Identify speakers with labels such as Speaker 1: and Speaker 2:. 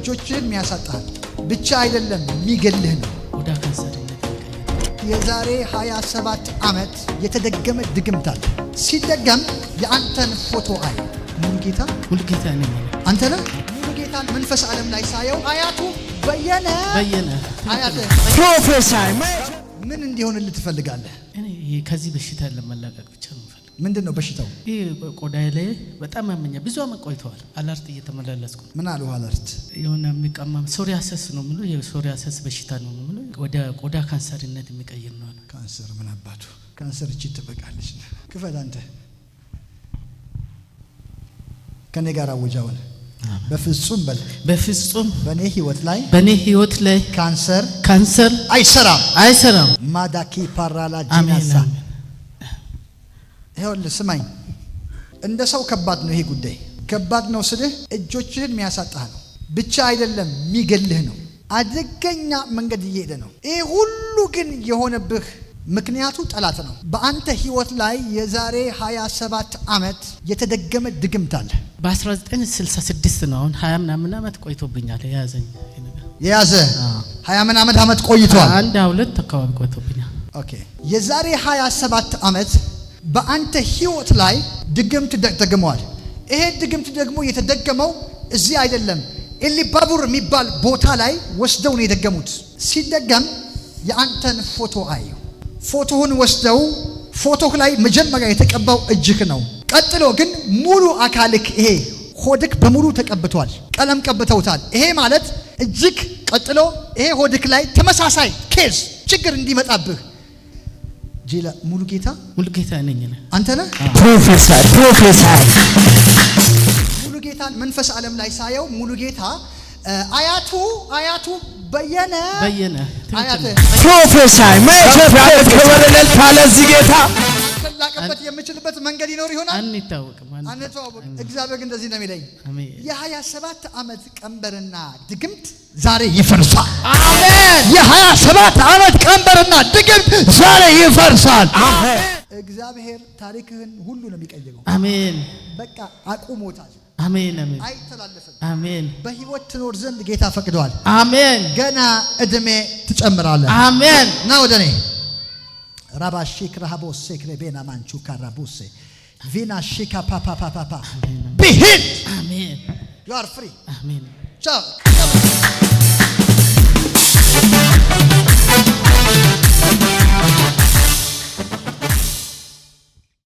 Speaker 1: እጆችህን ያሳጣሃል ብቻ አይደለም የሚገልህ ነው። የዛሬ 27 ዓመት የተደገመ ድግምት አለ። ሲደገም የአንተን ፎቶ አይ ሙሉጌታ
Speaker 2: ሙሉጌታ ነ
Speaker 1: አንተ ነ ሙሉጌታን መንፈስ ዓለም ላይ ሳየው አያቱ በየነ በየነ አያት ፕሮፌሰር ምን እንዲሆንልህ ትፈልጋለህ?
Speaker 2: እኔ ከዚህ በሽታ ለመላቀቅ ብቻ ነው
Speaker 1: ምንድን ነው በሽታው?
Speaker 2: ይህ ቆዳዬ ላይ በጣም ያመኛል። ብዙ አመት ቆይተዋል። አላርት እየተመላለስኩ
Speaker 1: ምን አሉ አላርት
Speaker 2: የሆነ የሚቀማም ሶሪያሰስ ነው ምሉ የሶሪያሰስ በሽታ ነው ምሉ ወደ ቆዳ ካንሰርነት የሚቀይር ነው።
Speaker 1: ካንሰር ምን አባቱ ካንሰር እች ትበቃለች። ክፈል አንተ ከኔ ጋር አውጃውን በፍጹም በል በፍጹም በእኔ ህይወት ላይ
Speaker 2: በእኔ ህይወት ላይ ካንሰር ካንሰር አይሰራም አይሰራም።
Speaker 1: ማዳኪ ፓራላ ጂናሳ ይኸውልህ ስማኝ፣ እንደ ሰው ከባድ ነው ይሄ ጉዳይ። ከባድ ነው ስልህ እጆችህን የሚያሳጣህ ነው ብቻ አይደለም፣ የሚገልህ ነው። አደገኛ መንገድ እየሄደ ነው። ይህ ሁሉ ግን የሆነብህ ምክንያቱ ጠላት ነው። በአንተ ህይወት ላይ የዛሬ 27 ዓመት የተደገመ ድግምት አለ።
Speaker 2: በ1966 ነው። አሁን 20 ምናምን ዓመት ቆይቶብኛል። የያዘኝ
Speaker 1: የያዘ 20 ምናምን ዓመት ቆይቷል።
Speaker 2: አንድ ሁለት አካባቢ ቆይቶብኛል።
Speaker 1: ኦኬ የዛሬ 27 ዓመት በአንተ ህይወት ላይ ድግምት ተደግመዋል። ይሄ ድግምት ደግሞ የተደገመው እዚህ አይደለም፣ ኤሊባቡር የሚባል ቦታ ላይ ወስደው ነው የደገሙት። ሲደገም የአንተን ፎቶ አዩ። ፎቶውን ወስደው ፎቶህ ላይ መጀመሪያ የተቀባው እጅህ ነው። ቀጥሎ ግን ሙሉ አካልክ፣ ይሄ ሆድክ በሙሉ ተቀብቷል፣ ቀለም ቀብተውታል። ይሄ ማለት እጅግ ቀጥሎ ይሄ ሆድክ ላይ ተመሳሳይ ኬዝ ችግር እንዲመጣብህ ጄላ ሙሉ ጌታ
Speaker 2: ሙሉ ጌታ ነኝ።
Speaker 1: አንተ ነህ ፕሮፌሰር ፕሮፌሰር ሙሉ ጌታን መንፈስ ዓለም ላይ ሳየው ሙሉ ጌታ አያቱ አያቱ በየነ በየነ ፕሮፌሰር ማይ ፕሮፌሰር ከበረለል ካለዚህ ጌታ ልጠቀምበት የምችልበት መንገድ ይኖር ይሆናል
Speaker 2: አንታወቅም፣
Speaker 1: አንተዋወቅም። እግዚአብሔር ግን እንደዚህ ነው የሚለኝ የሀያ ሰባት ዓመት ቀንበርና ድግምት ዛሬ ይፈርሳል። አሜን። የሀያ ሰባት ዓመት ቀንበርና ድግምት ዛሬ ይፈርሳል። አሜን። እግዚአብሔር ታሪክህን ሁሉ ነው የሚቀይረው። አሜን። በቃ አቁሞታል። አሜን አሜን። አይተላለፍም። አሜን። በህይወት ትኖር ዘንድ ጌታ ፈቅደዋል። አሜን። ገና እድሜ ትጨምራለህ። አሜን። ና ወደ እኔ Rabba Shikrahabo Sekrebena Manchuka karabuse, Vina Shika Papa Papa Papa. Be hit! Amen. You are free. Amen. Ciao.